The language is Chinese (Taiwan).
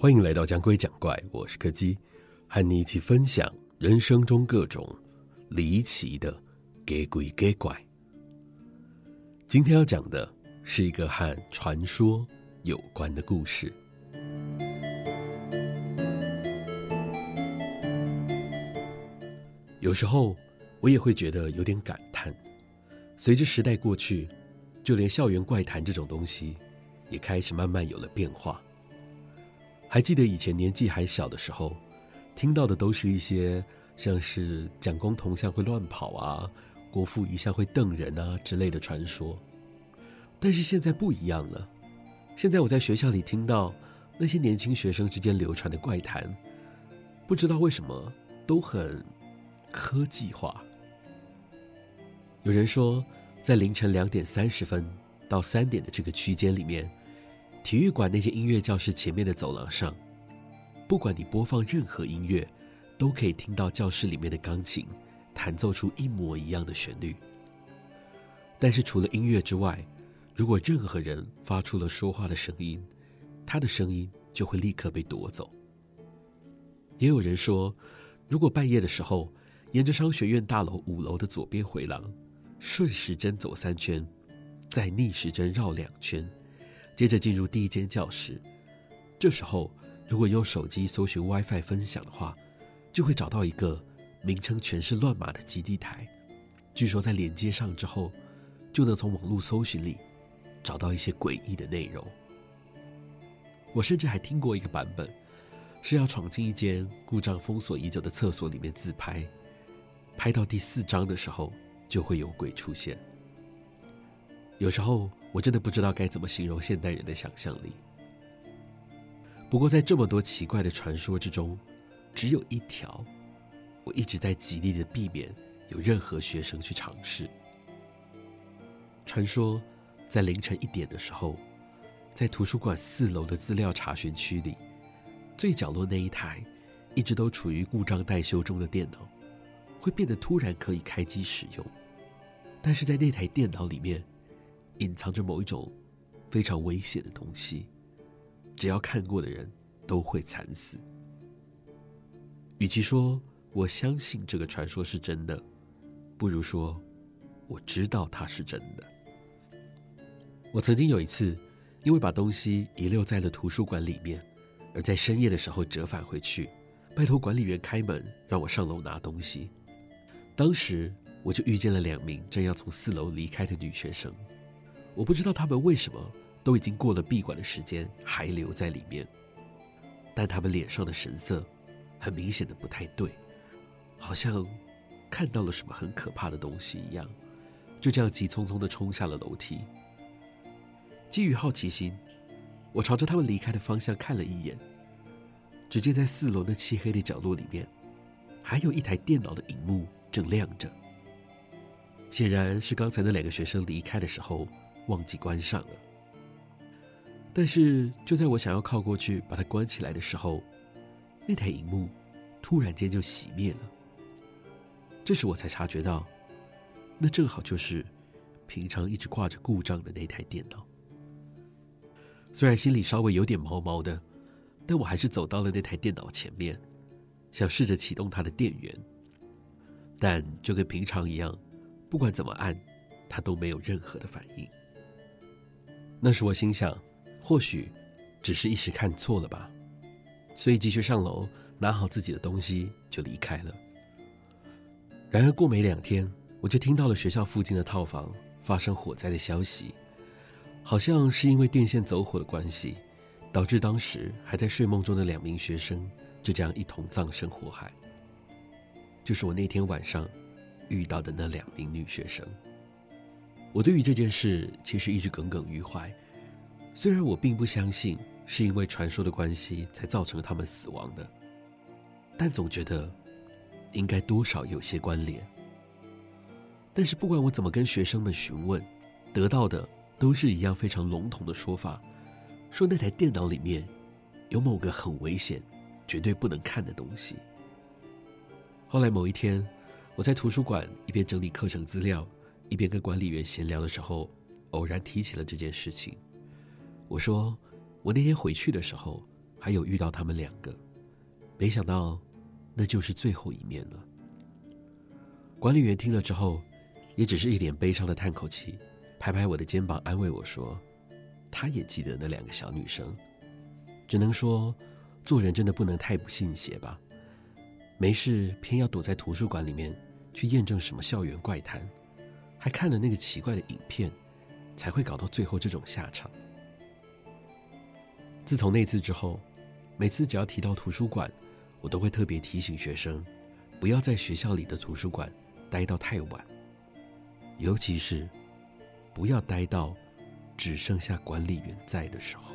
歡迎來到講鬼講怪，我是柯基，和你一起分享人生中各種離奇的鬼鬼怪怪。今天要講的是一個和傳說有關的故事。有時候我也會覺得有點感嘆，隨着時代過去，就連校園怪談這種東西，也開始慢慢有了變化。還記得以前年紀還小的時候，聽到的都是一些像是蔣公銅像會亂跑啊，國父遺像會瞪人啊之類的傳說。但是現在不一樣了，現在我在學校裡聽到那些年輕學生之間流傳的怪談，不知道為什麼都很科技化。有人說，在凌晨兩點三十分到三點的這個區間裡面。體育館那些音樂教室前面的走廊上，不管你播放任何音樂，都可以聽到教室裡面的鋼琴彈奏出一模一樣的旋律。但是除了音樂之外，如果任何人發出了說話的聲音，他的聲音就會立刻被奪走。也有人說，如果半夜的時候，沿着商學院大樓五樓的左邊回廊，順時針走三圈，再逆時針繞兩圈。接着進入第一間教室，這時候如果用手機搜尋 WiFi 分享的話，就會找到一個名稱全是亂碼的基地台。據說在連接上之後，就能從網絡搜尋裡找到一些詭異的內容。我甚至還聽過一個版本，是要闖進一間故障封鎖已久的廁所裡面自拍，拍到第四張的時候就會有鬼出現。有時候。我真的不知道該怎麼形容現代人的想象力。不過，在這麼多奇怪的傳說之中，只有一條，我一直在極力的避免有任何學生去嘗試。傳說，在凌晨一點的時候，在圖書館四樓的資料查詢區裡，最角落那一台一直都處於故障待修中的電腦，會變得突然可以開機使用。但是在那台電腦裡面，隱藏着某一種非常危險的東西，只要看過的人都會慘死。與其說我相信這個傳說是真的，不如說我知道它是真的。我曾經有一次因為把東西遺留在了圖書館裡面，而在深夜的時候折返回去，拜託管理員開門讓我上樓拿東西。當時我就遇見了兩名正要從四樓離開的女學生。我不知道他們為什麼都已經過了閉館的時間，還留在裡面。但他們臉上的神色很明顯的不太對，好像看到了什麼很可怕的東西一樣，就這樣急匆匆的衝下了樓梯。基於好奇心，我朝着他們離開的方向看了一眼，只見在四樓的漆黑的角落裡面，還有一台電腦的熒幕正亮着，顯然是剛才那兩個學生離開的時候忘記關上了。但是，就在我想要靠過去把它關起來的時候，那台熒幕突然間就熄滅了。這時我才察覺到，那正好就是平常一直掛着故障的那台電腦。雖然心裡稍微有點毛毛的，但我還是走到了那台電腦前面，想試着啟動它的電源。但就跟平常一樣，不管怎麼按，它都沒有任何的反應。那時我心想，或許只是一時看錯了吧，所以繼續上樓拿好自己的東西就離開了。然而過沒兩天，我就聽到了學校附近的套房發生火災的消息，好像是因為電線走火的關係，導致當時還在睡夢中的兩名學生就這樣一同葬身火海。就是我那天晚上遇到的那兩名女學生。我對於這件事其實一直耿耿於懷，雖然我並不相信是因為傳說的關係才造成了他們死亡的，但總覺得應該多少有些關聯。但是不管我怎麼跟學生們詢問，得到的都是一樣非常籠統的說法，說那台電腦裡面有某個很危險、絕對不能看的東西。後來某一天，我在圖書館一邊整理課程資料。一邊跟管理員閒聊的時候，偶然提起了這件事情。我說，我那天回去的時候，還有遇到他們兩個，沒想到，那就是最後一面了。管理員聽了之後，也只是一臉悲傷的嘆口氣，拍拍我的肩膀安慰我說，他也記得那兩個小女生。只能說，做人真的不能太不信邪吧，沒事偏要躲在圖書館裡面去驗證什麼校園怪談。還看了那個奇怪的影片，才會搞到最後這種下場。自從那次之後，每次只要提到圖書館，我都會特別提醒學生，不要在學校裡的圖書館待到太晚，尤其是不要待到只剩下管理員在的時候。